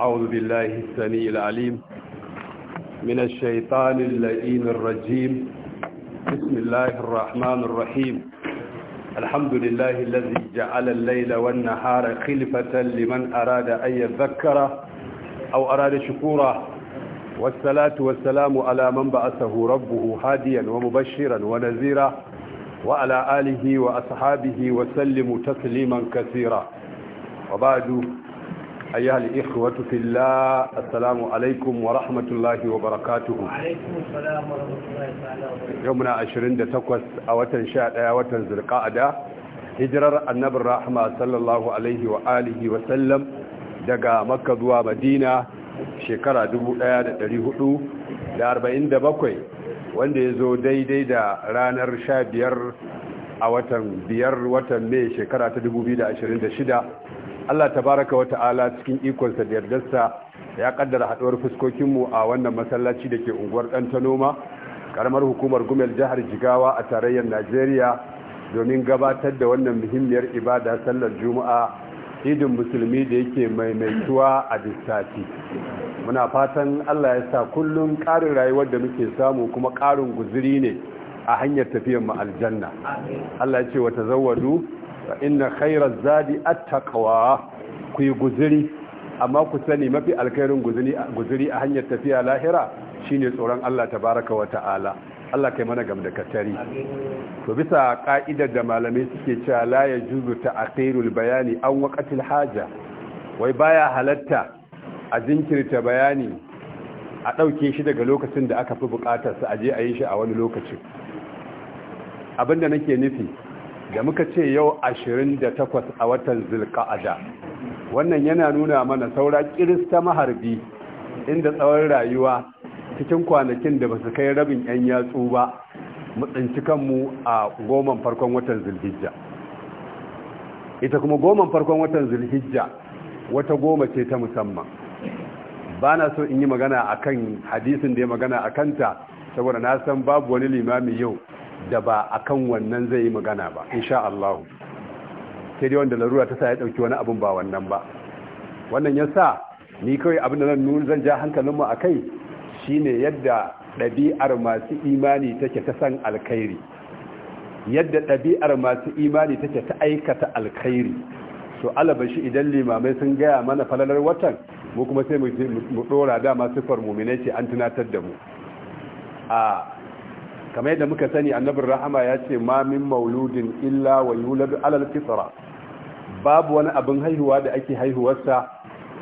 أعوذ بالله السميع العليم من الشيطان اللئيم الرجيم بسم الله الرحمن الرحيم الحمد لله الذي جعل الليل والنهار خلفة لمن أراد أن يذكر أو أراد شكورا والصلاة والسلام على من بعثه ربه هاديا ومبشرا ونذيرا وعلى آله وأصحابه وسلموا تسليما كثيرا وبعد أيها الإخوة في الله السلام عليكم ورحمة الله وبركاته وعليكم السلام ورحمة الله وبركاته يومنا عشرين دتكوس أوتن شاء أوتن زرقاء دا هجرر النبي الرحمة صلى الله عليه وآله وسلم دقا مكة دوا مدينة شكرا دبو دا دريهو دا أربعين دبقوي wanda ya zo daidai da ranar sha biyar a watan biyar watan mai shekara ta 2026 Allah ta baraka wa ta'ala cikin ikonsa da yardarsa ya kaddara haduwar fuskokinmu a wannan masallaci da ke unguwar ɗan ta noma karamar hukumar gumel jihar jigawa a tarayyar najeriya domin gabatar da wannan muhimmiyar ibada sallar juma'a idin musulmi da yake maimaituwa a distati muna fatan allah ya sa kullum ƙarin rayuwar da muke samu kuma ƙarin guziri ne a hanyar tafiyar mu aljanna allah ya ce wa tazawwadu inna khairaz zadi attaqwa ku yi guzuri amma ku sani mafi alkairin guzuri a hanyar tafiya lahira shine tsoron Allah tabaaraka wa ta'ala Allah kai mana gam da katari to bisa ka'idar da malamai suke cewa la yajuzu ta'khirul bayani an waqatil haja wai baya halatta a jinkirta bayani a ɗauke shi daga lokacin da aka fi buƙatarsa a je a yi shi a wani lokaci abinda nake nufi da muka ce yau ashirin da 28 a watan zilka'ada wannan yana nuna mana saura kirista maharbi inda tsawon rayuwa cikin kwanakin da ba su kai rabin yan yatsu ba mu tsinci kanmu a goman farkon watan zulhijja ita kuma goman farkon watan zulhijja wata goma ce ta musamman ba na so in yi magana a kan hadisin da ya magana a kanta saboda na san babu wani limami yau da ba a kan wannan zai yi magana ba insha Allah sai dai wanda larura ta sa ya dauki wani abun ba wannan ba wannan yasa ni kawai abin da nan nun zan ja hankalin mu akai shine yadda ɗabi'ar masu imani take ta san alkhairi yadda ɗabi'ar masu imani take ta aikata alkhairi to shi idan limamai sun gaya mana falalar watan mu kuma sai mu dora dama siffar muminai ce an tunatar da mu a kamar yadda muka sani annabin rahama ya ce ma mauludin illa wa yuladu alal fitra babu wani abin haihuwa da ake haihuwarsa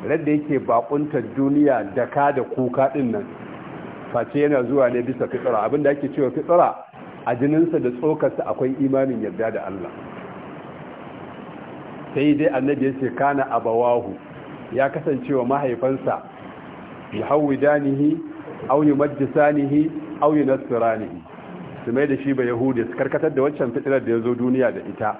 radda yake bakuntar duniya da ka da kuka din nan face yana zuwa ne bisa fitra abin da ake cewa fitra a jininsa da tsokarsa akwai imanin yarda da Allah sai dai annabi ya ce kana abawahu ya kasancewa mahaifansa yahwidanihi aw yumajjisanihi aw yunasiranihi su mai da shi ba yahudi su karkatar da waccan fitilar da ya zo duniya da ita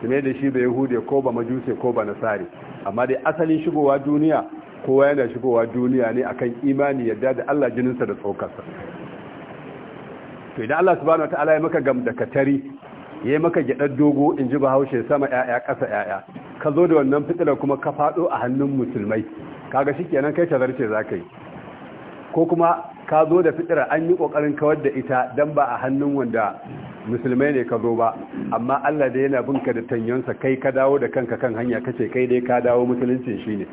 su mai da shi ba yahudi ko ba majuse ko ba nasari amma dai asalin shigowa duniya kowa yana shigowa duniya ne akan imani yadda da Allah jininsa da tsokarsa to idan Allah subhanahu ala ya maka tari, ya maka gyadar dogo in ji bahaushe sama ya'ya kasa ya'ya ka zo da wannan fitilar kuma ka faɗo a hannun musulmai Ka kaga shikenan kai tazarce za ka yi ko kuma ka zo da fitira an yi kokarin kawar da ita dan ba a hannun wanda musulmai ne ka zo ba amma Allah da yana binka da tanyonsa kai ka dawo da kanka kan hanya kace kai dai ka dawo musulunci shine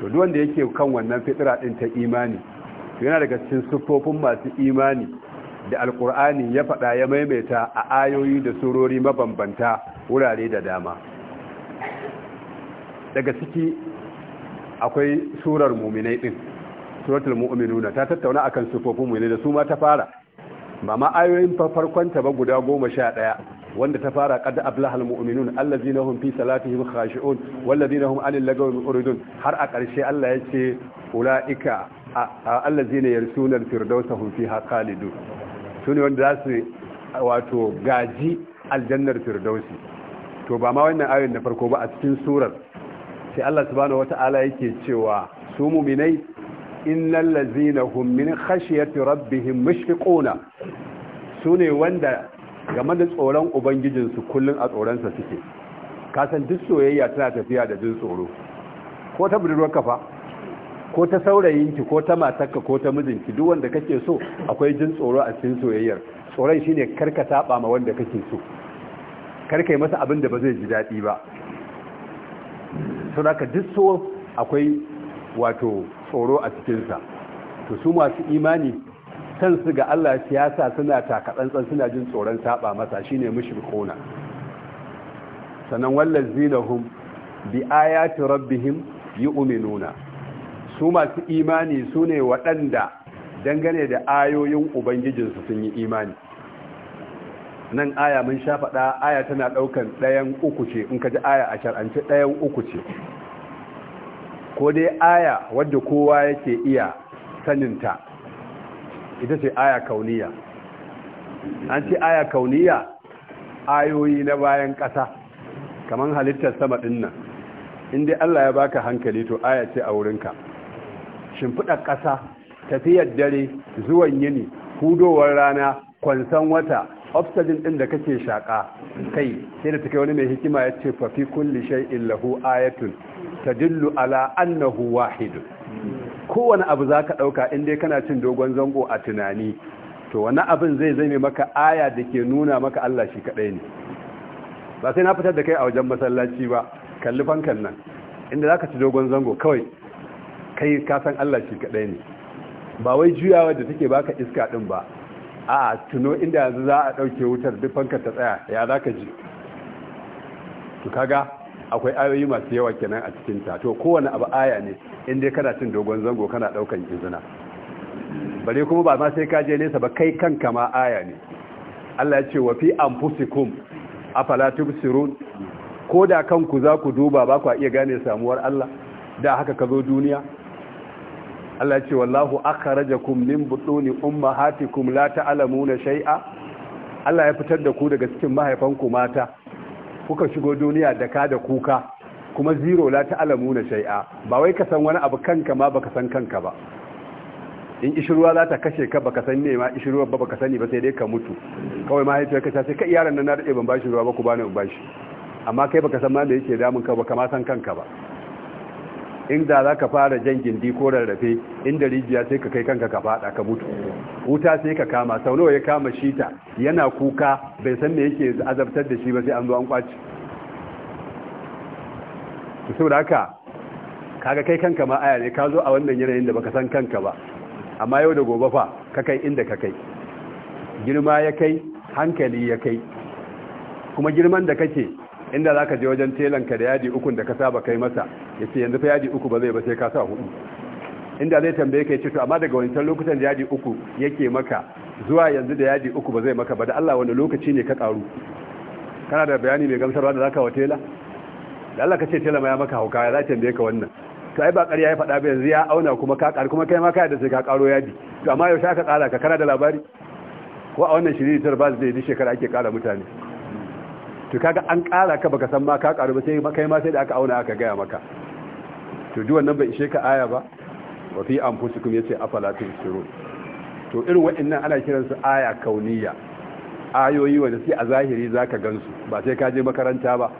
to duk wanda yake kan wannan fitira din ta imani yana daga cikin siffofin masu imani da alkur'ani ya faɗa ya maimaita a ayoyi da surori mabambanta wurare da dama daga ciki akwai surar muminai ɗin suratul mu'minuna ta tattauna akan sifofin mu ne da su ma ta fara ba ma ayoyin farkon ta ba guda goma sha ɗaya wanda ta fara qad ablahal mu'minun allazina hum fi salatihim khashi'un wallazina hum anil lagawi muridun har a ƙarshe Allah ya ce ulaika allazina yarsuna firdausa hum fiha khalidun sune wanda za su wato gaji aljannar firdausi to ba ma wannan ayoyin na farko ba a cikin surar sai Allah subhanahu wata'ala yake cewa su mu'minai innal ladzina hum min khashyati rabbihim mushfiquna sune wanda game da tsoron ubangijinsu kullum a tsoronsa suke kasan duk soyayya tana tafiya da jin tsoro ko ta budurwar fa ko ta saurayinki ko ta matarka ko ta mijinki duk wanda kake so akwai jin tsoro a cikin soyayyar tsoron shine karka taba ma wanda kake so karka yi masa abin da ba zai ji daɗi ba saboda duk so akwai wato tsoro a cikinsa to su masu imani san su ga Allah siyasa suna takatsantsan suna jin tsoron saba masa shine mushrikuna sanan wallazinahum bi ayati rabbihim yu'minuna su masu imani sune waɗanda dangane da ayoyin ubangijinsu sun yi imani nan aya mun sha faɗa aya tana ɗaukan ɗayan uku ce in ka ji aya a shar'anci ɗayan uku ce ko dai aya wadda kowa yake iya saninta ita ce aya kauniya an ce aya kauniya ayoyi na bayan ƙasa kamar halittar sama ɗinnan inda Allah ya baka hankali to aya ce a wurinka shimfiɗar ƙasa tafiyar dare zuwan yini hudowar rana kwansan wata oxygen ɗin da kake shaƙa kai sai da take wani mai hikima ya ce fafi kulli shay'in lahu ayatun tadillu ala annahu wahid kowane abu zaka dauka ɗauka inda kana cin dogon zango a tunani to wani abin zai zame maka aya da ke nuna maka Allah shi kadai ne ba sai na fitar da kai a wajen masallaci ba kalli fankan nan inda zaka ci dogon zango kawai kai kasan san Allah shi kadai ne ba wai juyawa da take baka iska ɗin ba a tuno inda yanzu za a dauke wutar duk fanka ta tsaya ya zaka ji to kaga akwai ayoyi masu yawa kenan a cikin ta to kowane abu aya ne in dai kana cin dogon zango kana daukan izina bare kuma ba ma sai ka je nesa ba kai kanka ma aya ne Allah ya ce wa fi anfusikum afala tubsirun ko da kanku za ku duba ba ku iya gane samuwar Allah da haka ka zo duniya Allah ya ce wallahu akhrajakum min butuni ummahatikum la ta'lamuna shay'a Allah ya fitar da ku daga cikin mahaifanku mata kuka shigo duniya da ka da kuka kuma zero la alamu na shai'a ba wai ka san wani abu kanka ma baka san kanka ba in ishirwa za ta kashe ka baka san ne ma ishirwa ba baka sani ba sai dai ka mutu kawai ma haifiyar ka sai ka yaran nan na daɗe ban bashi ruwa ba ku bani ban bashi amma kai baka san ma da yake damun ka ba kama san kanka ba inda za ka fara jan gindi ko rarrafe inda rijiya sai ka kai kanka ka fada ka mutu wuta sai ka kama sau nawa ya kama shita yana kuka bai san me yake azabtar da shi ba sai an zo an kwaci to saboda haka kaga kai kanka ma aya ka zo a wannan yanayin da baka san kanka ba amma yau da gobe fa ka kai inda ka kai girma ya kai hankali ya kai kuma girman da kake inda za ka je wajen telanka da yadi ukun da ka saba kai masa ya ce yanzu fa yadi uku ba zai ba sai ka sa hudu inda zai tambaye ka ya ce to amma daga wancan lokutan da yadi uku yake maka zuwa yanzu da yadi uku ba zai maka ba da Allah wani lokaci ne ka karu kana da bayani mai gamsarwa da zaka wa tela da Allah ka ce tela ma ya maka hauka ya za tambaye ka wannan to ai ba ƙarya ya faɗa ba yanzu ya auna kuma ka karu kuma kai ma ka yadda sai ka ƙaro yadi to amma yau sha ka ƙara ka kana da labari ko a wannan shirin tar da zai yi shekara ake ƙara mutane to kaga an ƙara ka baka san ma ka ƙaru ba sai kai ma sai da aka auna aka gaya maka to duk wannan bai ishe ka aya ba wa fi anfusikum yace afalatu tusirun to irin waɗannan ana kiransu aya kauniya ayoyi wanda sai a zahiri zaka gansu ba sai ka je makaranta ba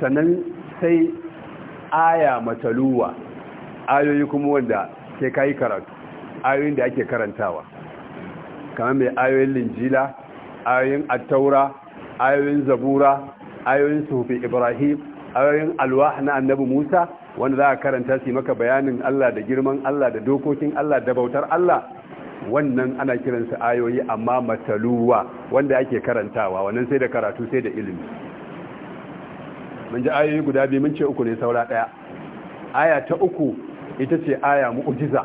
sannan sai aya mataluwa ayoyi kuma wanda sai ka yi karatu ayoyin da ake karantawa kamar mai ayoyin linjila ayoyin attaura ayoyin zabura ayoyin sufi ibrahim ayoyin alwah na annabi musa wanda za a karanta su maka bayanin allah da girman allah da dokokin allah da bautar allah wannan ana kiransu ayoyi amma mataluwa wanda ake karantawa wannan sai da karatu sai da ilimi mun ji ayoyi guda biyu mun ce uku ne saura ɗaya aya ta uku ita ce aya mu'ujiza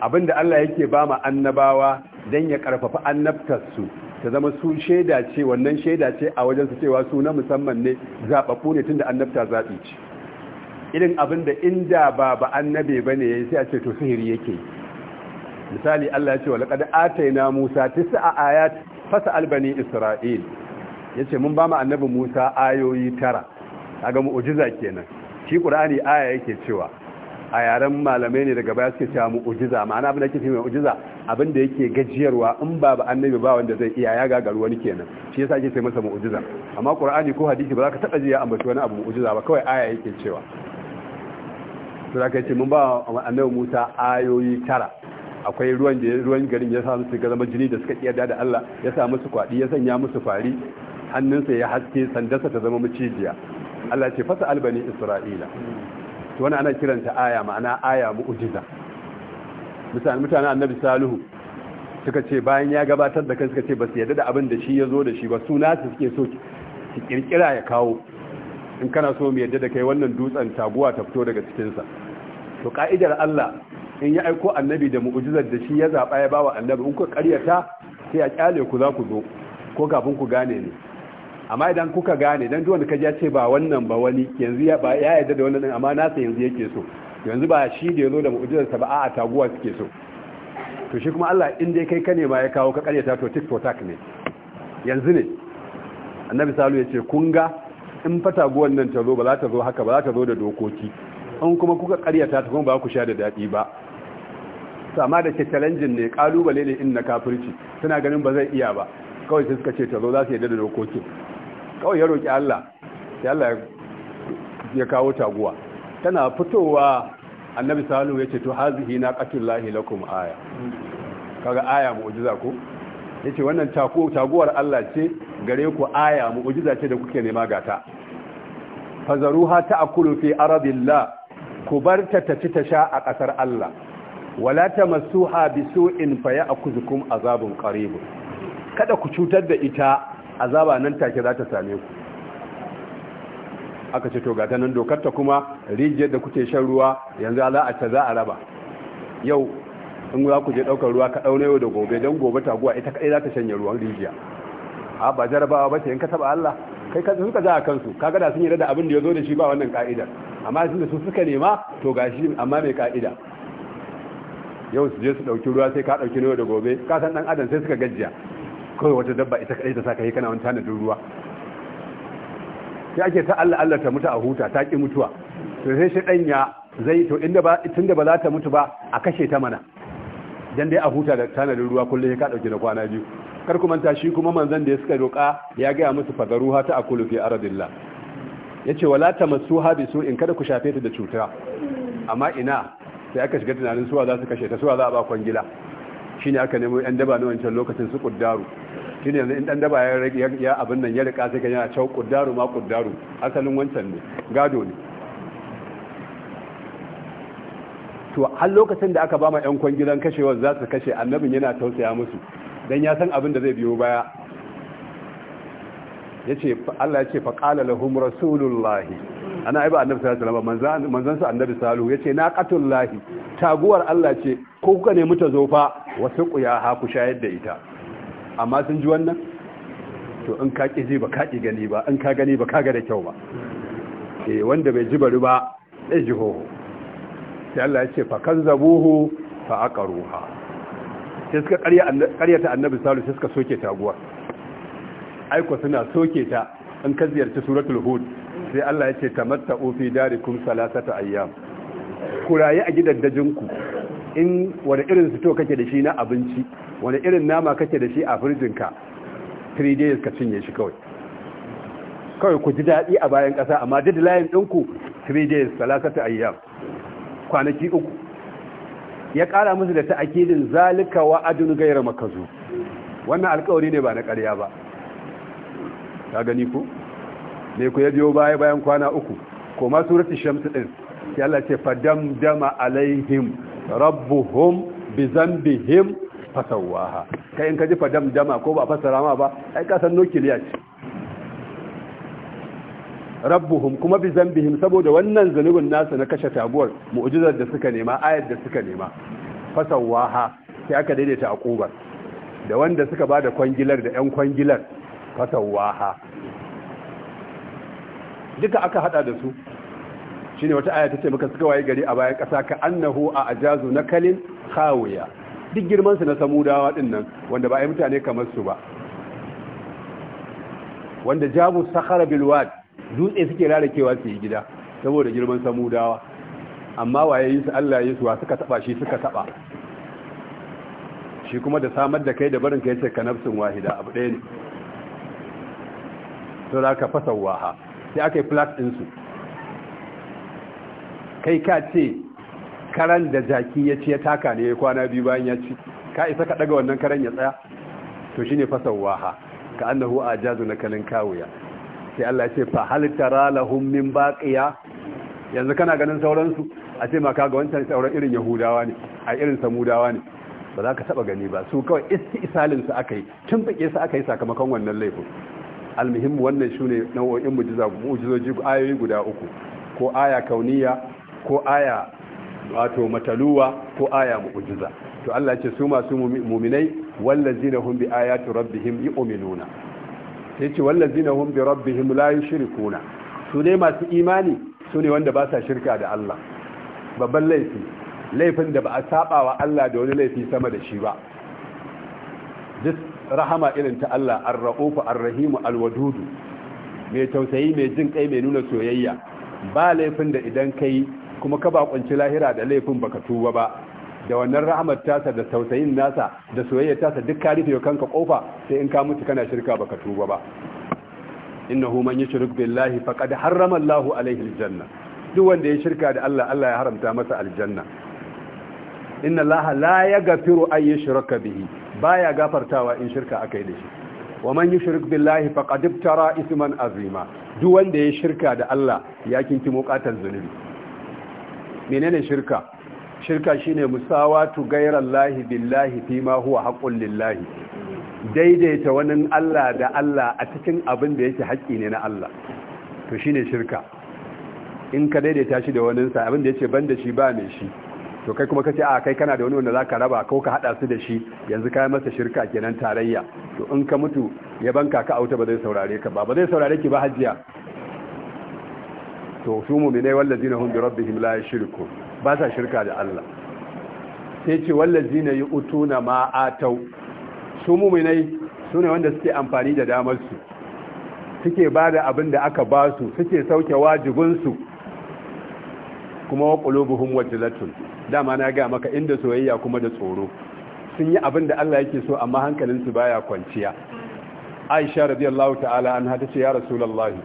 abinda allah yake ba ma annabawa don ya karfafa annabtarsu ta zama su shaida ce wannan shaida ce a su cewa su na musamman ne zaɓaɓɓu ne tun da annabta zaɓi ce irin abin da inda ba ba annabe ba ne sai a ce to sihiri yake misali Allah ya ce wa laqad na Musa tis'a ayat fasa bani Isra'il ce mun ba mu annabi Musa ayoyi tara a ga mu'ujiza kenan shi ƙura'ani aya yake cewa a yaren malamai ne daga baya suke cewa mu'ujiza ma'ana abin da yake cewa mu'ujiza abin da yake gajiyarwa in ba ba annabi ba wanda zai iya ya gagaru wani kenan shi yasa ake sai masa mu'ujiza amma qur'ani ko hadisi ba za ka taba ji ya ambaci wani abu mu'ujiza ba kawai aya yake cewa to da ka ce mun ba annabi Musa ayoyi tara akwai ruwan da ruwan garin ya sa musu zama jini da suka kiyar da Allah ya sa musu kwadi ya sanya musu fari hannunsa ya haske sandarsa ta zama macijiya Allah ce fasa albani Isra'ila wani ana kiranta aya ma'ana aya mu'ujiza mutane annabi salihu suka ce bayan ya gabatar da kai, suka ce ba su yadda da abin da shi ya zo da shi ba suna su suke so su kirkira ya kawo in kana so mu yadda da kai wannan dutsen taguwa ta fito daga cikinsa to ka'idar Allah in ya aiko annabi da mu'ujizar da shi ya zaɓa ya bawa annabi in ku ƙaryata sai a kyale ku za ku zo ko kafin ku gane ne amma idan kuka gane dan duwanda kaji ya ce ba wannan ba wani yanzu ya yadda da wannan amma nasa yanzu yake so yanzu ba shi da ya zo da mu'jizar ta ba a taguwa suke so to shi kuma Allah in dai kai ka ne ma ya kawo ka karyata to tik tok ne yanzu ne annabi salu ya ce kun ga in fa taguwan nan ta zo ba za ta zo haka ba za ta zo da dokoki an kuma kuka karyata ta kuma ba ku sha da dadi ba sama da ke challenge ne kalubale ne in na kafirci suna ganin ba zai iya ba kawai sai suka ce ta zo za su yadda da dokokin kawai ya roƙi Allah sai Allah ya kawo taguwa tana fitowa annabi salu ya ce to hazihi na qatullahi lakum aya kaga aya mu'jiza ko yace wannan taguwar Allah ce gare ku aya mu'jiza ce da kuke nema gata fazaruha ta'kulu fi aradillah ku barta ta ci ta sha a ƙasar Allah wala ta in tamassuha bisu'in faya'khudhukum azabun qarib kada ku cutar da ita azaba nan take za ta same ku aka ce to ta nan dokar ta kuma rijiyar da kuke shan ruwa yanzu za a ta za a raba yau in za ku je ɗaukar ruwa ka ɗaune yau da gobe don gobe ta guwa ita kaɗai za ta shanye ruwan rijiya a ba jarabawa ba ce in ka taɓa Allah kai ka suka za a kansu ka da sun yi da abin da ya zo da shi ba wannan ka'idar amma sun da su suka nema to gashi amma mai ka'ida yau su je su ɗauki ruwa sai ka ɗauki yau da gobe ka san ɗan adam sai suka gajiya kawai wata dabba ita kadai ta saka yi kana wani tanadin ruwa ya ake ta Allah Allah ta mutu a huta ta ki mutuwa to sai shi dan ya zai to inda ba tunda ba za ta mutu ba a kashe ta mana dan dai a huta da tanadin ruwa kullum ka dauke da kwana biyu kar ku manta shi kuma manzon da ya suka roka ya ga musu fadaruha ta akulu fi aradillah yace wala tamassuha bi in kada ku shafe ta da cuta amma ina sai aka shiga tunanin suwa za su kashe ta suwa za a ba kwangila shine aka nemo yan daba na wancan lokacin su kuddaru shine yanzu in dan daba ya rage ya abin nan ya rika sai kan yana cewa kuddaru ma kuddaru asalin wancan ne gado ne to har lokacin da aka bama yan kwangilan kashewar za su kashe annabin yana tausaya musu dan ya san abin da zai biyo baya yace Allah yace fa qala lahum rasulullahi ana aiba annabi sallallahu alaihi wasallam manzan su annabi salu yace na qatullahi taguwar Allah ce ko kuka ne mutazo zofa wasu ku ya ha ku shayar da ita amma sun ji wannan to in ka ƙi ji ba ka ƙi gani ba in ka gani ba ka ga da kyau ba eh wanda bai ji bari ba zai ji ho sai Allah ya ce fa zabuhu fa aqaruha sai suka ta annabi sallallahu sai suka soke taguwa aiko suna soke ta in ka ziyarci suratul hud sai Allah ya ce tamatta'u fi darikum salasata ayyam ku rayu a gidaddajinku in wani irin sito kake da shi na abinci wani irin nama kake da shi a firjinka 3 days ka cinye shi kawai kawai ku ji daɗi a bayan ƙasa amma deadline ɗinku 3 days salasata ayyam kwanaki uku ya ƙara musu da ta'akidin zalika wa adun gairar makazu wannan alkawari ne ba na ƙarya ba ta gani ku ne ku ya biyo baya bayan kwana uku koma rufi shamsu ɗin. sai Allah ce dama alaihim rabbuhum bi zambihim fasawaha kai in ka ji fadamdama ko ba fasara ma ba ai ka san nukiliya ce rabbuhum kuma bi zambihim saboda wannan zanubin nasu na kashe taguwar mu'jizar da suka nema ayar da suka nema fasawaha sai aka daidaita a kubar da wanda suka bada kwangilar da yan kwangilar fasawaha duka aka hada da su shine wata aya tace maka suka waye gari a bayan kasa ka annahu a ajazu nakalin khawiya duk girman su na samudawa dinnan nan wanda ba ai mutane kamar su ba wanda jabu sakhara bil wad dutse suke rarakewa su yi gida saboda girman samudawa amma waye yi su Allah yi su wa suka taba shi suka taba shi kuma da samar da kai da barin kai ce ka nafsin wahida abu ɗaya ne to da aka fasa waha sai aka yi flat su. kai ka ce karan da jaki ya ci ya taka ne ya kwana biyu bayan ya ci ka isa ka daga wannan karan ya tsaya to shine waha ka annahu jazu na kanin kawuya sai Allah ya ce fa hal tara lahum min baqiya yanzu kana ganin sauransu a ce maka ga wancan sauran irin yahudawa ne a irin samudawa ne ba za ka taba gani ba su kawai istisalin su aka yi tun tumbuke su aka yi sakamakon wannan laifin almuhim wannan shine nau'o'in mu'jiza mu'jizoji ayoyi guda uku ko aya kauniya ko aya wato mataluwa ko aya mu'jiza to Allah ce su masu mu'minai wallazina hum bi ayati rabbihim yu'minuna sai ce wallazina hum bi rabbihim la yushrikuuna su ne masu imani su ne wanda ba sa shirka da Allah babban laifi laifin da ba a sabawa Allah da wani laifi sama da shi ba duk rahama irin ta Allah ar rauf ar rahim al wadud mai tausayi mai jin kai mai nuna soyayya ba laifin da idan kai kuma ka bakunci lahira da laifin baka tuba ba da wannan rahamar tasa da tausayin nasa da soyayya tasa duk ka rufe kanka kofa sai in ka mutu kana shirka baka tuba ba innahu man yushrik billahi faqad harrama Allahu alaihi aljanna duk wanda ya shirka da Allah Allah ya haramta masa aljanna inna Allah la yaghfiru ay yushraka bihi baya gafartawa in shirka akai da shi wa man yushrik billahi faqad iftara isman azima duk wanda ya shirka da Allah ya kinki mukatar zunubi menene shirka shirka shine musawatu lahi billahi ma huwa haqqul lillahi daidaita wani Allah da Allah a cikin abin da yake haƙƙi ne na Allah to shine shirka in ka daidaita shi da waninsa sa abin da yake ban da shi ba mai shi to kai kuma ce a kai kana da wani wanda zaka raba ko ka hada su da shi yanzu kai masa shirka kenan tarayya to in ka mutu ya banka ka auta ba zai saurare ka ba ba zai saurare ki ba hajjiya to su mu'minai wallazina hum bi rabbihim la yushrikun ba sa shirka da Allah sai ce wallazina yu'tuna ma atau su mu'minai sune wanda suke amfani da damar su suke bada abin da aka ba su suke sauke wajibin su kuma wa qulubuhum wajilatun dama na ga maka inda soyayya kuma da tsoro sun yi abin da Allah yake so amma hankalinsu baya kwanciya Aisha radiyallahu ta'ala anha ce ya Rasulullahi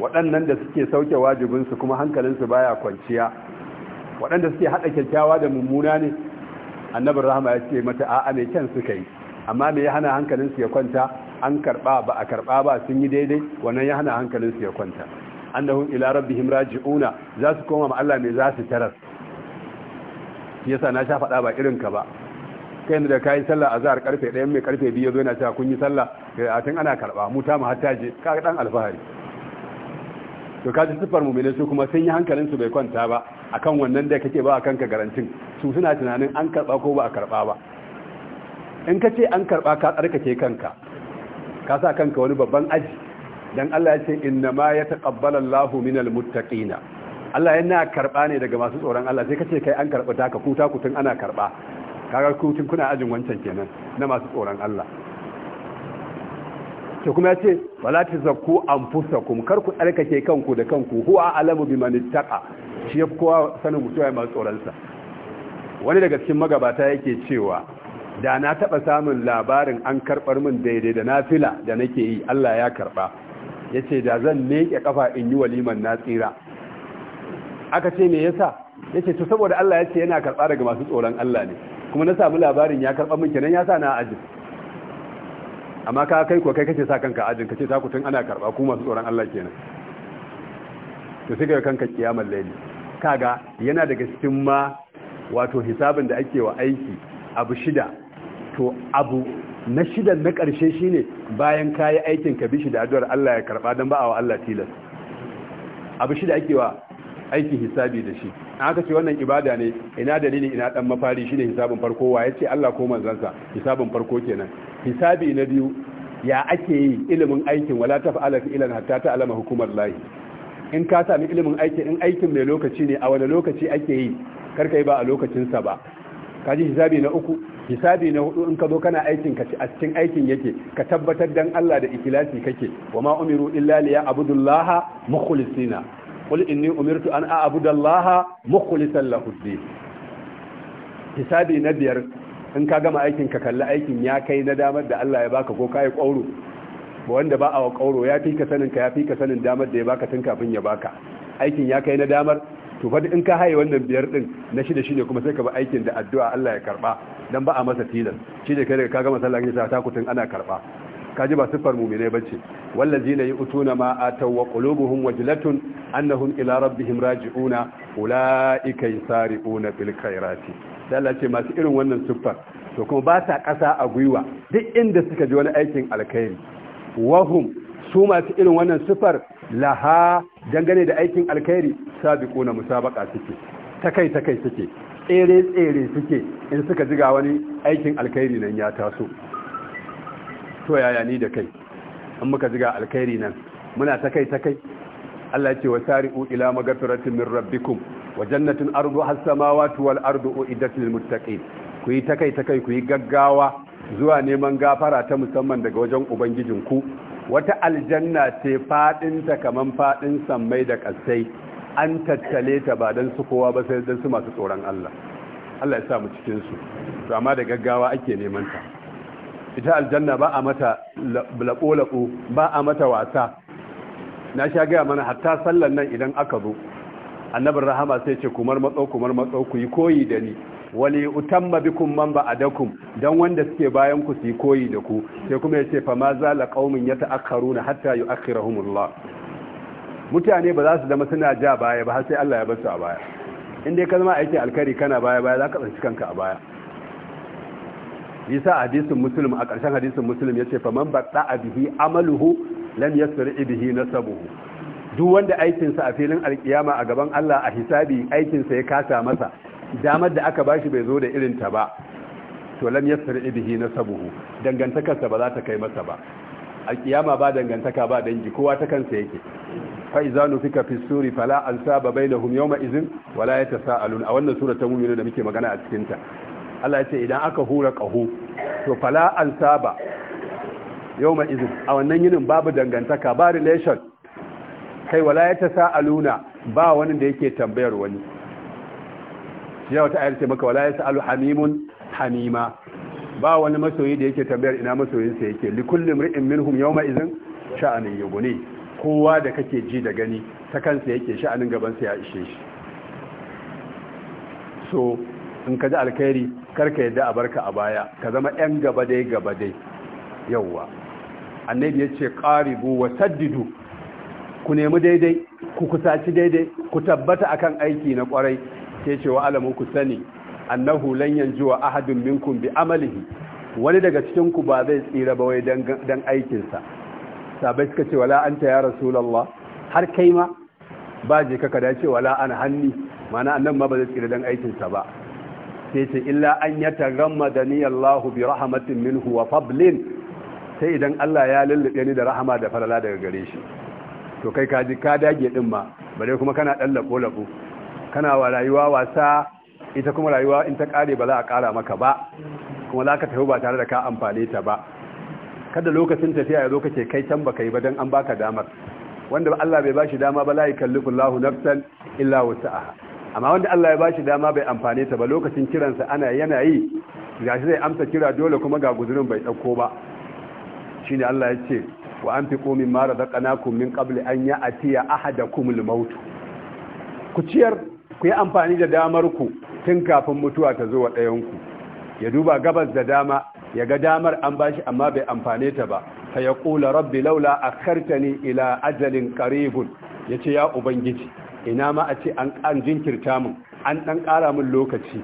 waɗannan da suke sauke wajibinsu kuma hankalinsu baya kwanciya waɗanda suke haɗa kyakkyawa da mummuna ne annabin rahama ya ce mata a'a mai kyan suka yi amma mai ya hana hankalinsu ya kwanta an karɓa ba a karɓa ba sun yi daidai wannan ya hana hankalinsu ya kwanta Ilarar ila rabbihim raji'una za su koma ma Allah me za su tarar yasa na sha faɗa ba irin ka ba kai da ka yi sallah a zahar karfe ɗayan mai karfe biyu zo na cewa kun yi sallah eh, a tun ana karɓa mu ta mu hatta ka ɗan alfahari to kaji siffar ne su kuma sun yi hankalin su bai kwanta ba akan wannan da kake ba akan ka garantin su suna tunanin an karba ko ba a karba ba in ka ce an karba ka tsarkake kanka ka sa kanka wani babban aji dan Allah ya ce inna ma yataqabbalu Allahu minal muttaqina Allah yana karba ne daga masu tsoron Allah sai kace kai an karba ka kuta kutun ana karba kaga kutun kuna ajin wancan kenan na masu tsoron Allah to kuma ya ce, wala tazakku kuma kar ku tsarkake kanku da kanku huwa alamu biman taƙa shi ya fi kowa sanin mutuwa ya tsoron tsoronsa. wani daga cikin magabata yake cewa da na taɓa samun labarin an karɓar min daidai da na fila da nake yi Allah ya karɓa. Ya ce da zan neke kafa in yi waliman na tsira aka ce me yasa ya to saboda Allah ya ce yana karba daga masu tsoron Allah ne kuma na samu labarin ya karba min kenan ya sa na aji amma ka kai ko kai kace sa kanka ajin kace ta tun ana karba ku masu tsoron Allah kenan to sai ga kanka kiyamar laili kaga yana daga cikin ma wato hisabin da ake wa aiki abu shida to abu na shida na ƙarshe shine bayan kayi aikin ka bishi da addu'ar Allah ya karba dan ba wa Allah tilas abu shida ake wa aikin hisabi da shi an aka ce wannan ibada ne ina dalili ina dan mafari shine hisabin farko wa yace Allah ko manzansa hisabin farko kenan hisabi na biyu ya ake yi ilimin aikin wala taf'ala fi ilan hatta ta'lama hukumar lahi in ka sami ilimin aikin in aikin mai lokaci ne a wani lokaci ake yi karka yi ba a lokacin sa ba kaji hisabi na uku hisabi na hudu in ka zo kana aikin ka ci a cikin aikin yake ka tabbatar dan Allah da ikilasi kake wa ma umiru illa liya abudullaha mukhlisina qul inni umirtu an a'budallaha mukhlishan lahu din hisabi na biyar in ka gama aikin ka kalli aikin ya kai na damar da Allah ya baka ko kai kauro wanda ba a wa kauro ya fi ka sanin ka ya fi sanin damar da ya baka tun kafin ya baka aikin ya kai na damar to fa in ka haye wannan biyar din na shida shine kuma sai ka ba aikin da addu'a Allah ya karba dan ba a masa tilas shi ne kai daga ka gama sallah kake ta kutun ana karba kaji ba siffar ne bace wallazina yu'tuna ma ataw wa qulubuhum wajlatun annahum ila rabbihim raji'una ulaika yasari'una bil khairati Allah ce masu irin wannan siffar to kuma ba sa ƙasa a gwiwa duk inda suka ji wani aikin alkhairi wahum su masu irin wannan siffar laha dangane da aikin alkhairi sabiquna musabaqa suke takai takai suke tsere tsere suke in suka ji ga wani aikin alkhairi nan ya taso to yaya ni da kai in muka ji ga alkhairi nan muna takai takai Allah ce wa sari'u ila magafiratin min rabbikum wa jannatin ardu has samawati wal ardu uiddat lil muttaqin ku yi takai takai ku yi gaggawa zuwa neman gafara ta musamman daga wajen ubangijinku wata aljanna ce fadin ta kaman sammai da kasai an tattale ta ba dan su kowa ba sai dan su masu tsoron Allah Allah ya sa mu cikin su to amma da gaggawa ake neman ta ita aljanna ba a mata laƙo-laƙo ba a mata wasa na sha gaya mana hatta sallan nan idan aka zo annabin rahama sai ce kumar matsau kumar matsau ku yi koyi da ni wali utamma mamba man ba'adakum don wanda suke bayan ku su yi koyi da ku sai kuma ya yace fa ma ya ta'akaru na hatta Allah. mutane ba za su zama suna ja baya ba har sai Allah ya basu su a baya in dai ka zama aiki alkari kana baya baya za ka tsanci kanka a baya yasa hadisin musulmi a ƙarshen hadisin ya ce fa man bada bihi amaluhu lam yasri bihi nasabuhu duk wanda aikinsa a filin alkiyama a gaban Allah a hisabi aikinsa ya kasa masa damar da aka bashi bai zo da irin ta ba to lam yasri bihi nasabuhu dangantakarsa ba za ta kai masa ba alkiyama ba dangantaka ba dangi kowa ta kansa yake fa iza nufika fi suri fala ansaba bainahum yawma idhin wala yatasaalun a wannan sura ta mu'minu da muke magana a cikin ta Allah ya ce idan aka hura kaho to fala ansaba yau ma izin a wannan yinin babu dangantaka ba relation kai wala ya ta sa'aluna ba wani da yake tambayar wani shi ya wata ayar ce maka wala ya sa'alu hamimun hamima ba wani masoyi da yake tambayar ina masoyinsa yake likullum ri'in minhum yau ma izin sha'anin gune. kowa da kake ji da gani ta kansa yake sha'anin gabansa ya ishe shi so in ka ji alkhairi karka yadda a barka a baya ka zama 'yan gaba dai gaba dai yauwa annabi ya ce bu wa saddidu ku nemi daidai ku kusaci daidai ku tabbata a kan aiki na kwarai ke ce wa alamu ku sani annahu lanyan yanjuwa ahadun minkum bi amalihi wani daga cikinku ba zai tsira ba wai dan aikinsa sabai suka ce wala an ta ya rasulallah har kai ma ba je kaka da ce wala an hanni mana annan ma ba zai tsira dan aikinsa ba sai ce illa an yatagammadani Allah bi rahmatin minhu wa fablin sai idan Allah ya lullube ni da rahama da falala daga gare shi to kai ka ji ka dage din ma bare kuma kana dan labo labo kana wa rayuwa wasa ita kuma rayuwa in ta kare ba za a kara maka ba kuma za ka tafi ba tare da ka amfane ta ba kada lokacin tafiya ya zo kace kai can baka yi ba dan an baka damar wanda Allah bai bashi dama ba la yakallifu Allahu nafsan illa wus'aha amma wanda Allah ya bashi dama bai amfane ta ba lokacin kiransa ana yana yi gashi zai amsa kira dole kuma ga guzurin bai dauko ba shine Allah ya ce wa an fi mara da razaqnakum min kabli an yi hada kumul mautu ku ciyar ku yi amfani da damar ku tun kafin mutuwa ta zo wa ɗayanku ya duba gabas da dama ya ga damar an bashi amma bai amfani ta ba fa ya kula rabbi laula a akhartani ila ajalin Ya ce ya ubangiji ina ma a ce an jinkirta mun an ɗan ƙara mun lokaci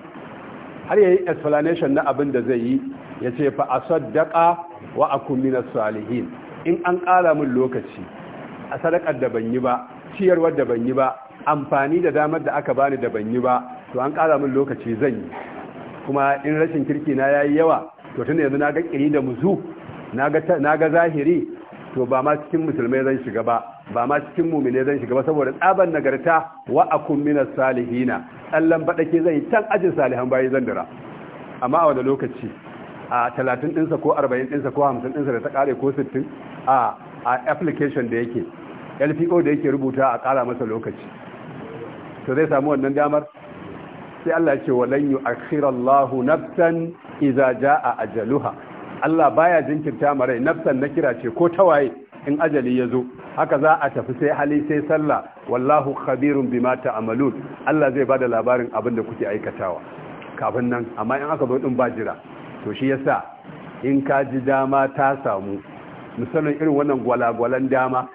har yayi explanation na abin da zai yi ya ce fa a sadaka wa a kummina salihin in an ƙara min lokaci a sadakar da ban yi ba ciyarwar da ban yi ba amfani da damar da aka bani da ban yi ba to an ƙara min lokaci zan yi kuma in rashin kirki na yayi yawa to tun yanzu na ga kiri da muzu na ga zahiri to ba ma cikin musulmai zan shiga ba ba ma cikin mumine zan shiga ba saboda tsaban nagarta wa a minas salihina tsallan baɗake yi tan ajin salihan bayi zandara amma a wani lokaci a talatin ɗinsa ko arba'in ɗinsa ko hamsin ɗinsa da ta ƙare ko sittin a application da yake lpo da yake rubuta a ƙara masa lokaci to zai samu wannan damar sai Allah ce walan yu akhirallahu nafsan idza jaa ajaluha Allah baya jinkirta marai nafsan na kira ce ko tawaye in ajali ya zo haka za a tafi sai hali sai sallah wallahu khabirun bima ta'malun Allah zai bada labarin abin da kuke aikatawa kafin nan amma in aka zo din ba jira to shi yasa in ka ji dama ta samu misalin irin wannan gwalagwalan dama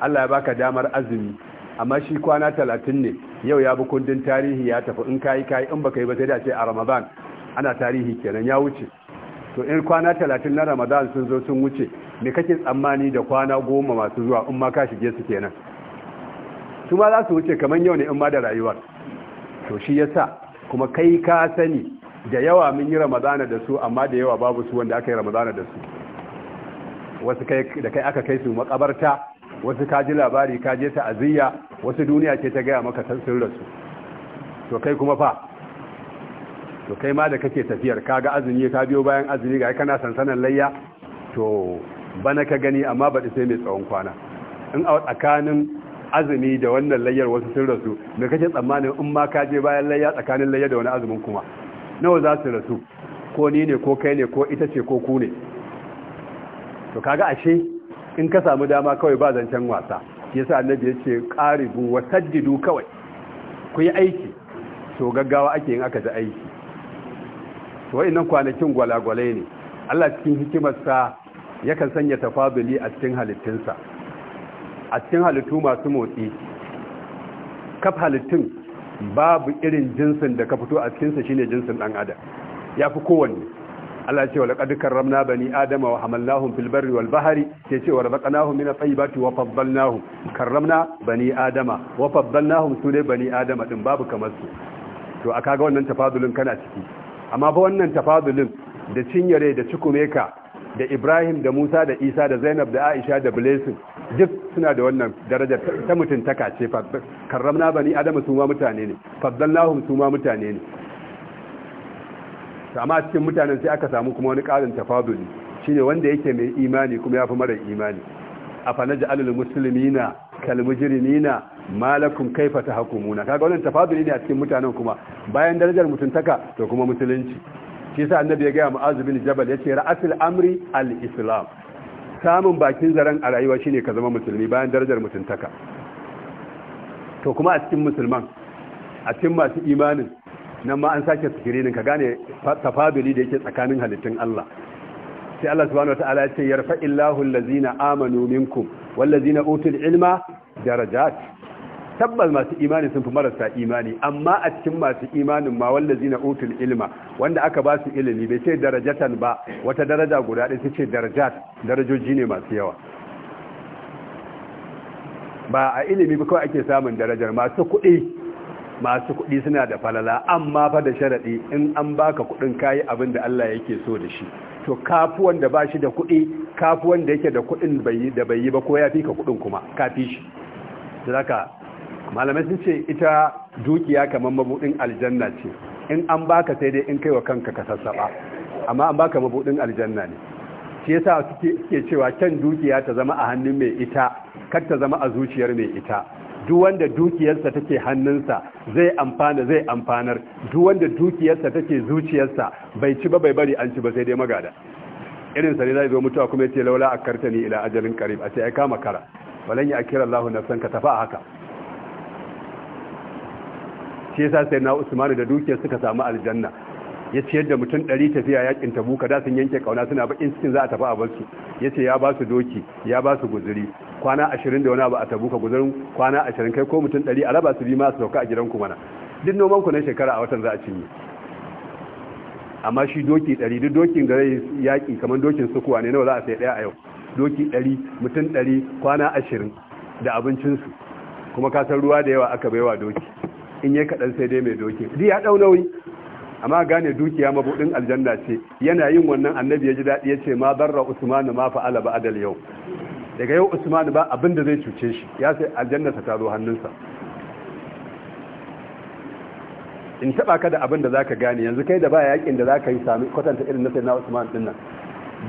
Allah ya baka damar azumi amma shi kwana talatin ne yau ya bi kundin tarihi ya tafi in kayi kayi in baka yi ba sai da ce a ramadan ana tarihi kenan ya wuce to in kwana talatin na ramadan sun zo sun wuce me kake tsammani da kwana goma masu zuwa in ma ka shige su kenan su ma za su wuce kamar yau ne in ma da rayuwar to shi yasa kuma kai ka sani da yawa mun yi ramadana da su amma da yawa babu su wanda aka yi ramadana da su wasu da kai aka kai su makabarta wasu ka ji labari ka je ta'aziyya wasu duniya ce ta gaya maka sun rasu to kai kuma fa to kai ma da kake tafiyar ka ga azumi ka biyo bayan azumi ga kana sansanan layya to bana ka gani amma baɗi sai mai tsawon kwana in a tsakanin azumi da wannan layyar wasu sun rasu me kake tsammanin in ma ka je bayan layya tsakanin layya da wani azumin kuma nawa za su rasu ko ni ne ko kai ne ko ita ce ko ku ne to kaga ashe in ka samu dama kawai ba zancen wasa yasa annabi yace qaribu wa saddidu kawai ku yi aiki to gaggawa ake yin aka ji aiki to wayannan kwanakin gwalagwalai ne Allah cikin hikimarsa yakan sanya tafabili a cikin halittunsa a cikin halittu masu motsi kaf halittun babu irin jinsin da ka fito a cikinsa shine jinsin ɗan adam ya fi kowanne Allah ce wa laqad karramna bani adama wa hamalnahum fil barri wal bahri sai ce wa razaqnahum min at-tayyibati wa faddalnahum karramna bani adama wa faddalnahum su bani adama din babu kamar su to a kaga wannan tafadulin kana ciki amma ba wannan tafadulin da cinyare da cikumeka da Ibrahim da Musa da Isa da Zainab da Aisha da Blessing duk suna da wannan darajar ta mutuntaka ce karramna bani adama su ma mutane ne faddallahum su ma mutane ne amma cikin mutanen sai aka samu kuma wani ƙarin tafaduli shine wanda yake mai imani kuma yafi mara imani afana ja'alul muslimina kal mujrimina malakum kaifa tahkumuna kaga wannan tafaduli ne a cikin mutanen kuma bayan darajar mutuntaka to kuma musulunci shi yasa annabi ya ga Mu'az bin Jabal yace ra'asul amri al-islam samun bakin zaren a rayuwa shine ka zama musulmi bayan darajar mutuntaka to kuma a cikin musulman a cikin masu imanin nan ma an sake sikirinin ka gane tafabili da yake tsakanin halittun Allah sai Allah subhanahu wataala ya ce yarfa'illahu allazina amanu minkum wallazina utul ilma darajat tabbas masu imani sun fi marasa imani amma a cikin masu imanin ma wanda na utul ilma wanda aka ba su ilimi bai ce darajatan ba wata daraja guda ɗaya ce darajat darajoji ne masu yawa ba a ilimi ba kawai ake samun darajar masu kuɗi masu kuɗi suna da falala amma fa da sharaɗi in an baka kuɗin kayi abin da Allah yake so da shi to kafu wanda ba shi da kuɗi kafuwan wanda yake da kuɗin da bai yi ba ko ya fi ka kuɗin kuma kafi shi zaka malamai sun ce ita dukiya kamar mabudin aljanna ce in an baka sai dai in kaiwa kanka ka sassaba amma an baka mabudin aljanna ne shi yasa suke cewa kan dukiya ta zama a hannun mai ita kar ta zama a zuciyar mai ita duk wanda dukiyarsa take hannunsa zai amfana zai amfanar duk wanda dukiyarsa take zuciyarsa bai ci ba bai bari an ci ba sai dai magada irin sa ne zai zo mutuwa kuma ya yace laula akartani ila ajalin qarib a ce ai kama kara walan ya akira Allah nafsan ka tafa haka shi yasa sai na usman da dukiyar suka samu aljanna ya ce yadda mutum ɗari tafiya yakin tabuka da sun yanke kauna suna bakin cikin za a tafi a barsu ya ce ya ba su doki ya ba su guzuri kwana ashirin da wani abu a tabuka guzurin kwana ashirin kai ko mutum ɗari a raba su bi ma su sauka a gidanku mana duk noman ku na shekara a watan za a cinye amma shi doki ɗari duk dokin da zai yaƙi kamar dokin sukuwa ne nawa za a sai ɗaya a yau doki ɗari mutum ɗari kwana ashirin da abincinsu kuma kasar ruwa da yawa aka baiwa doki in yi kaɗan sai dai mai doki duk ya ɗau nauyi amma gane dukiya mabuɗin aljanna ce yana yin wannan annabi ya ji daɗi ya ce ma barra usmanu ma fa'ala ba adal yau daga yau usmanu ba abin zai cuce shi ya sai aljanna ta taro hannunsa in taɓa ka da abin da zaka gane yanzu kai da ba yakin da ka yi sami kwatanta irin na sai na usman din nan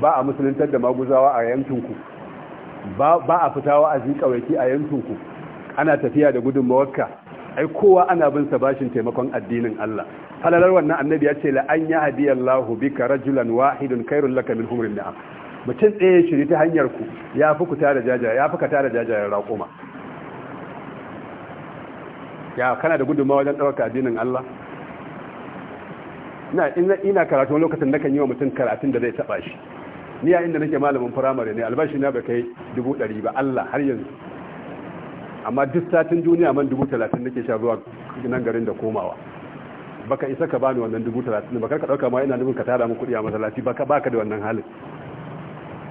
ba a musuluntar da maguzawa a yankinku ba a fitawa a zika a yankinku ana tafiya da gudun mawakka ai kowa ana bin sa bashin taimakon addinin Allah halalar wannan annabi ya ce la an ya Allahu bika rajulan wahidun khairul laka min humrin na'am mutum tsaye shiri ta hanyar ku ya fi ku tara jaja ya fi ka tara jajayen raƙuma ya kana da gudunma wajen ɗaukar addinin Allah ina ina karatu wani lokacin kan yi wa mutum karatun da zai taɓa shi ni ya inda nake malamin firamare ne albashi na bai kai dubu ɗari ba Allah har yanzu amma duk satin duniya man dubu talatin nake sha zuwa nan garin da komawa baka isa ka bani wannan dubu talatin ba ka dauka ma ina nufin ka tara min kuɗi a masallaci baka baka da wannan halin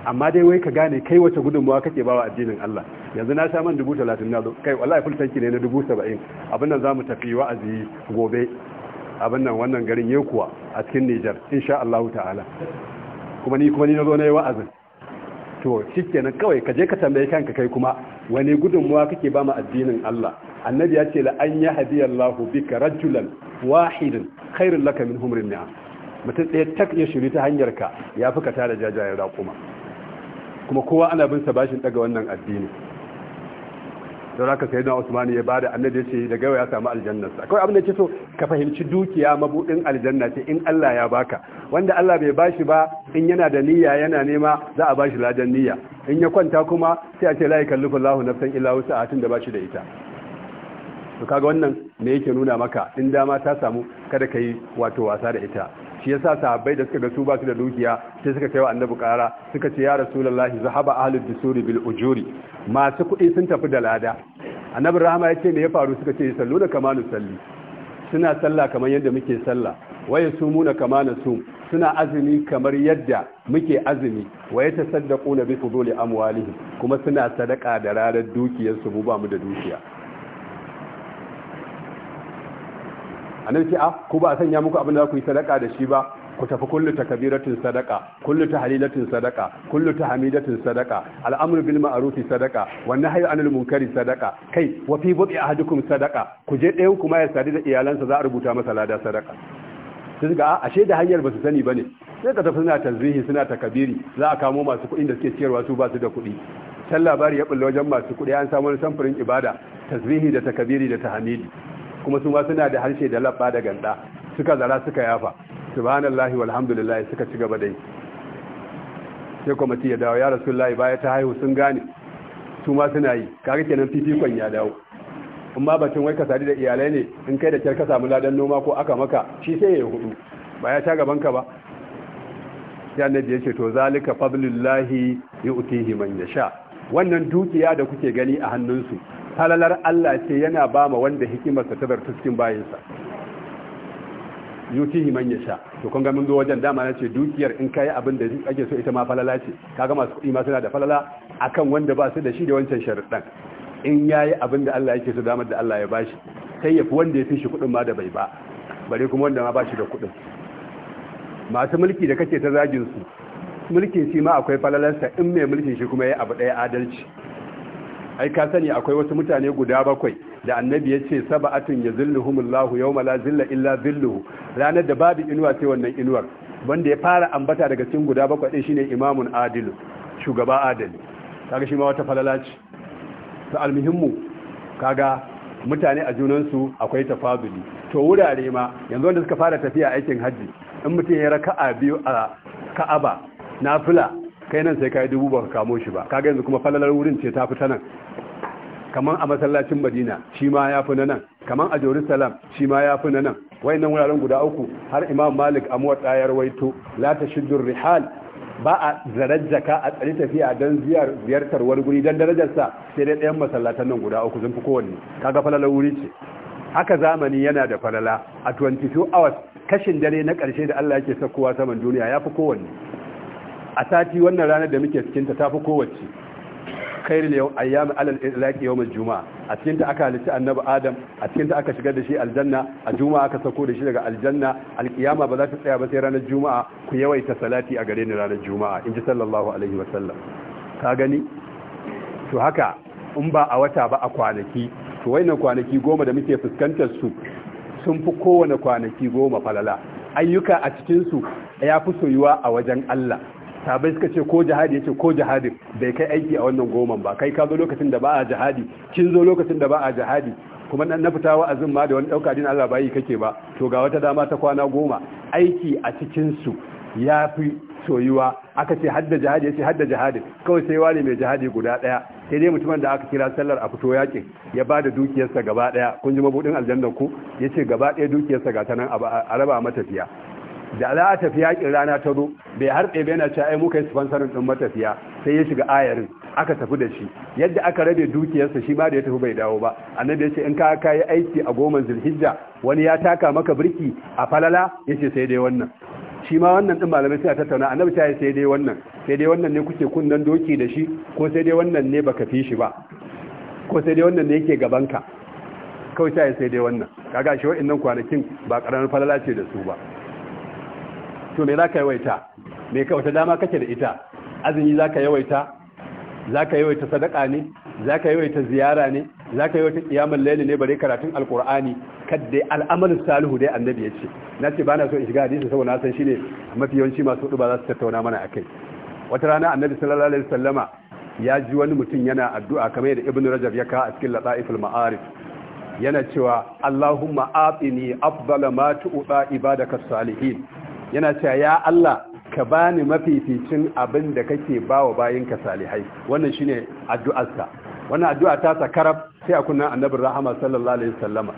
amma dai wai ka gane kai wace gudunmawa kake bawa addinin Allah yanzu na sha man dubu talatin na kai wallahi full tanki ne na dubu saba'in abin nan zamu tafi wa'azi gobe abin nan wannan garin yekuwa a cikin Niger insha Allah ta'ala kuma ni kuma ni zo na yi wa'azin to shikenan kawai ka je ka tambaye kanka kai kuma wani gudunmuwa kake ba mu addinin Allah annabi ya ce la an yahdi Allahu bika rajulan wahidan khairul laka min humrin ni'am mutum ɗaya tak ya shiri ta hanyar ka ya fi ka tara jajayen raƙuma kuma kowa ana bin sa bashin daga wannan addini don haka sai na usman ya bada annabi ce daga ya samu aljanna akwai abin da ke so ka fahimci dukiya mabudin aljanna ce in Allah ya baka wanda Allah bai bashi ba in yana da niyya yana nema za a bashi ladan niyya in ya kwanta kuma sai a ce la yakallifu Allahu nafsan illa wusa'atin da bashi da ita to kaga wannan me yake nuna maka in dama ta samu kada ka yi wato wasa da ita shi yasa sahabbai da suka ga su ba su da dukiya sai suka kai wa annabi kara suka ce ya rasulullahi zahaba ahlud dusuri bil ujuri masu kuɗi sun tafi da lada annabi rahama ya ce me ya faru suka ce sallu da kama salli. suna sallah kamar yadda muke sallah waya sumuna kama nasum suna azumi kamar yadda muke azumi waya tasaddaquna bi fuduli amwalihim kuma suna sadaka da rarar dukiyarsu mu ba mu da dukiya annabi ce a ah, ko ba a sanya muku abin da za ku yi sadaka da shi ba ku tafi kullu takbiratin sadaka kullu tahlilatin sadaka kullu tahmidatin sadaka al'amru bil ma'ruf sadaka wan nahyu anil munkari sadaka kai wa fi bu'i ahadukum sadaka ku je ɗayan kuma ya sadu da iyalansa za a rubuta masa lada sadaka sai ga ah, ashe da hanyar ba su sani bane sai ka tafi suna tanzihi suna takabiri za a kamo masu kuɗin da suke ciyarwa su ba su da kuɗi can labari ya bulla wajen masu kuɗi an samu wani samfurin ibada tasbihi da takabiri da tahmidi kuma su ma suna da harshe da labba da ganda suka zara suka yafa subhanallahi walhamdulillah suka ci gaba da yi sai kwamiti ya dawo ya rasulullahi baya ta haihu sun gane su ma suna yi kaga kenan fifikon ya dawo amma batun wai ka sadu da iyalai ne in kai da kyar ka samu ladan noma ko aka maka shi sai ya hudu ba ya sha gaban ka ba sai annabi ya to zalika fadlullahi yu'tihi man yasha wannan dukiya da kuke gani a hannunsu falalar Allah ce yana ba ma wanda hikimarsa ta zarta tuskin bayansa yutihi manya yasha to kun ga mun zo wajen dama na ce dukiyar in kai abin da ake so ita ma falala ce kaga masu kuɗi ma suna da falala akan wanda ba su da shi da wancan sharuɗan in yayi abin da Allah yake so damar da Allah ya bashi sai ya fi wanda ya fi shi kuɗin ma da bai ba bare kuma wanda ma ba shi da kudin masu mulki da kake ta zagin su mulkin shi ma akwai falalarsa in mai mulkin shi kuma yayi abu ɗaya adalci ai ka sani akwai wasu mutane guda bakwai da annabi ya ce saba'atun ya zilluhumullahu yau mala zilla illa zilluhu ranar da babu inuwa sai wannan inuwar wanda ya fara ambata daga cikin guda bakwai ɗin shine imamun adilu shugaba adali kaga shi ma wata falala ce to almuhimmu kaga mutane a junansu akwai tafaduli to wurare ma yanzu wanda suka fara tafiya aikin hajji in mutum ya raka'a biyu a ka'aba nafila kai nan sai kai dubu baka kamo shi ba kaga yanzu kuma falalar wurin ce ta fita nan kaman a masallacin Madina shi ma ya fi na nan kaman a Jerusalem shi ma ya fi na nan wayannan wuraren guda uku har Imam Malik a muwatta ya rawaito la shiddur rihal ba a zarajjaka a tsari tafiya don ziyartar wani guri don darajarsa sai dai ɗayan masallatan nan guda uku sun fi kowanne kaga falalar wuri ce haka zamani yana da falala a 22 hours kashin dare na ƙarshe da Allah yake sakkowa saman duniya ya fi kowanne a sati wannan ranar da muke cikinta ta fi kowace Kairin yau ayyami alal ilaqi yawm juma'a a cikin aka halitta annabi adam a cikinta aka shigar da shi aljanna a juma'a aka sako da shi daga aljanna alkiyama ba za ta tsaya ba sai ranar juma'a ku yawaita salati a gare ni ranar juma'a inji sallallahu alaihi wasallam ka gani to haka in ba a wata ba a kwanaki to wayannan kwanaki goma da muke fuskantar su sun fi kowane kwanaki goma falala ayyuka a cikin su ya fi soyuwa a wajen Allah sabai suka ce ko jihadi ya ce ko jihadin bai kai aiki a wannan goman ba kai ka zo lokacin da ba a jihadi kin zo lokacin da ba a jihadi kuma na fita wa'azin ma da wani dauka din Allah bai kake ba to ga wata dama ta kwana goma aiki a cikin su yafi soyuwa aka ce hadda jihadi yace hadda jihadi kawai sai wani mai jihadi guda daya sai dai mutumin da aka kira sallar a fito yakin ya ba da dukiyarsa gaba daya kun ji mabudin aljannar ku ce gaba daya dukiyarsa ga nan a raba matafiya da za a tafi yakin rana ta zo bai harbe bai na cewa ai muka yi sponsorin ɗin matafiya sai ya shiga ayarin aka tafi da shi yadda aka rabe dukiyarsa shi ma da ya tafi bai dawo ba annabi ya ce in ka kayi aiki a goma zulhijja wani ya taka maka birki a falala ya ce, sai dai wannan shi ma wannan ɗin malamai suna tattauna annabi ta sai dai wannan sai dai wannan ne kuke kunnan doki da shi ko sai dai wannan ne baka fi shi ba ko sai dai wannan ne yake gabanka kawai sai dai wannan kaga shi wa'annan kwanakin ba karamin falala ce da su ba to me za ka yawaita me ka wata dama kake da ita azumi za ka yawaita za ka yawaita sadaka ne za ka yawaita ziyara ne za ka yawaita kiyamun laili ne bare karatun alkur'ani kadda al'amalin salihu dai annabi ya ce na ce ba na so in shiga hadisi saboda na san shi ne mafi yawanci masu hudu ba za su tattauna mana a kai wata rana annabi sallallahu alaihi wasallama ya ji wani mutum yana addu'a kamar yadda ibnu rajab ya kawo a cikin lataiful ma'arif yana cewa Allahumma atini afdala ma tu'ta ibadaka salihin yana cewa ya Allah ka bani mafificin abin da kake bawa bayinka salihai wannan shine addu'arsa wannan addu'a ta sa sai a kunan annabi rahama sallallahu alaihi wasallama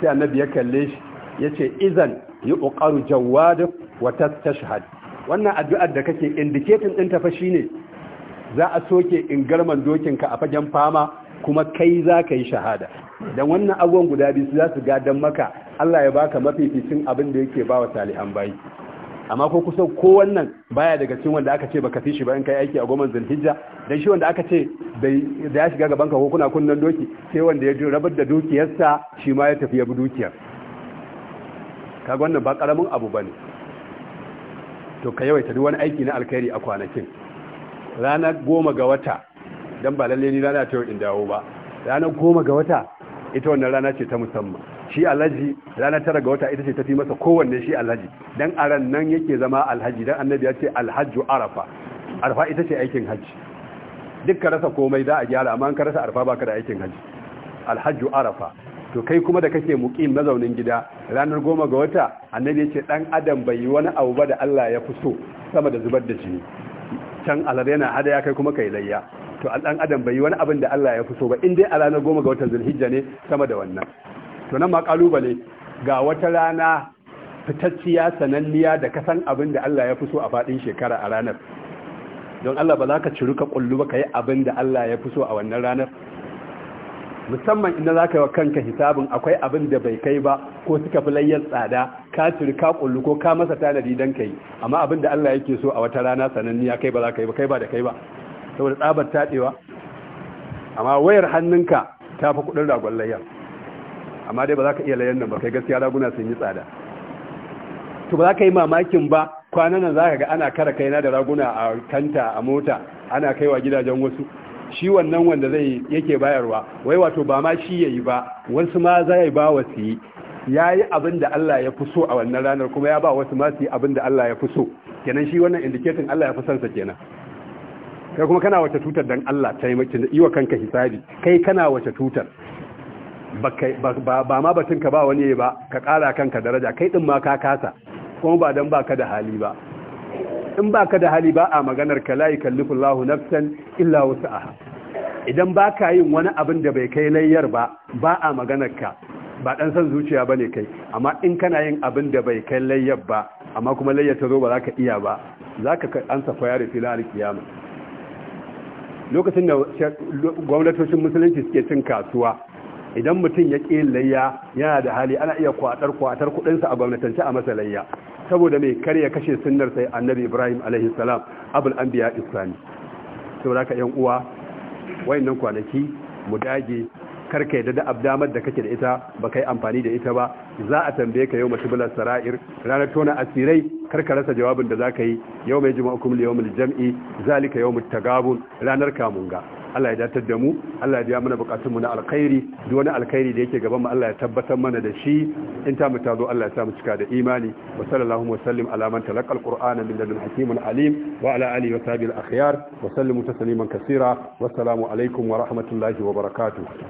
sai annabi ya kalle shi yace idan yi uqaru jawad wa tastashhad wannan addu'ar da kake indicating din ta fa shine za a soke ingarman dokin ka a fagen fama kuma kai za ka yi shahada dan wannan abubuwan guda biyu su za su gadan maka Allah ya baka mafificin abin da yake wa salihan bayi amma ko kusan ko wannan baya daga cikin wanda aka ce baka fi shi ba in kai aiki a goma zulhijja dan shi wanda aka ce da ya shiga gaban ka ko kuna kunnan doki sai wanda ya rabar da dukiyarsa shi ma ya tafi ya bi dukiyar kaga wannan ba karamin abu bane to ka yawaita duk wani aiki na alkhairi a kwanakin ranar goma ga wata dan ba lalle ni rana ta yau in dawo ba ranar goma ga wata ita wannan rana ce ta musamman shi alhaji rana tara ga wata ita ce ta fi masa kowanne shi alhaji dan aran nan yake zama alhaji dan annabi ya ce Alhaju arafa arfa ita ce aikin hajji duk ka rasa komai za a gyara amma ka rasa arfa baka da aikin hajji Alhaju arafa to kai kuma da kake muqim mazaunin gida ranar goma ga wata annabi ya ce dan adam bai yi wani abu ba da Allah ya fi so sama da zubar da jini can alar yana ya kai kuma kai layya to dan adam bai yi wani abin da Allah ya fi so ba in dai a ranar goma ga watan zulhijja ne sama da wannan to nan ma kalubale ga wata rana fitacciya sananniya da kasan abin da Allah ya fi so a faɗin shekara a ranar don Allah ba za ka ciri ka kullu ba ka yi abin da Allah ya fi so a wannan ranar musamman inda za ka yi wa kanka hisabin akwai abin da bai kai ba ko suka fi layyar tsada ka ciri ka kullu ko ka masa tanadi don ka yi amma abin da Allah yake so a wata rana sananniya kai ba za ka yi ba kai ba da kai ba saboda tsabar taɗewa amma wayar hannunka ta fi kuɗin ragon layya amma dai ba za ka iya layar nan ba kai gaskiya raguna sun yi tsada to ba za ka yi mamakin ba kwanan nan za ka ga ana kara kaina da raguna a kanta a mota ana kaiwa gidajen wasu shi wannan wanda zai yake bayarwa wai wato ba ma shi yayi ba wasu ma za yi ba wasu yi ya yi abin da Allah ya fi so a wannan ranar kuma ya ba wasu ma su yi abin da Allah ya fi so kenan shi wannan indiketin Allah ya fi son sa kenan kai kuma kana wace tutar dan Allah ta yi wa kanka hisabi kai kana wace tutar ba ma batun ka ba wani ba ka kara kanka daraja kai din ma ka kasa kuma ba dan baka da hali ba in baka da hali ba a maganar ka la yukallifu Allahu nafsan illa wus'aha idan baka yin wani abin da bai kai layyar ba ba a maganar ka ba dan san zuciya bane kai amma in kana yin abin da bai kai layyar ba amma kuma layyar ta zo ba za ka iya ba za ka ansa fayar fil kiyama lokacin da gwamnatocin musulunci suke cin kasuwa idan mutum ya ƙi layya yana da hali ana iya kwatar kwatar kuɗinsa a gwamnatance a masa layya saboda mai karya kashe sunnar sai annabi ibrahim alaihi salam abul anbiya islami saboda ka yan uwa wayannan kwanaki mu dage karka yadda da abdamar da kake da ita ba kai amfani da ita ba za a tambaye ka yau matubular sara'ir ranar tona asirai karka rasa jawabin da za ka yi yau mai jima'a kuma yau mai jam'i zalika yau mai tagabun ranar kamunga Allah ya datar da mu Allah ya biya mana bukatunmu na alkhairi duk wani alkhairi da yake gaban mu Allah ya tabbatar mana da shi in ta mu ta zo Allah ya sa mu cika da imani wa sallallahu wa sallim ala man talaqa alqur'ana min ladun hakimin alim wa ala alihi wa sahbihi al-akhyar wa sallimu tasliman kaseera wa assalamu alaikum wa rahmatullahi wa barakatuh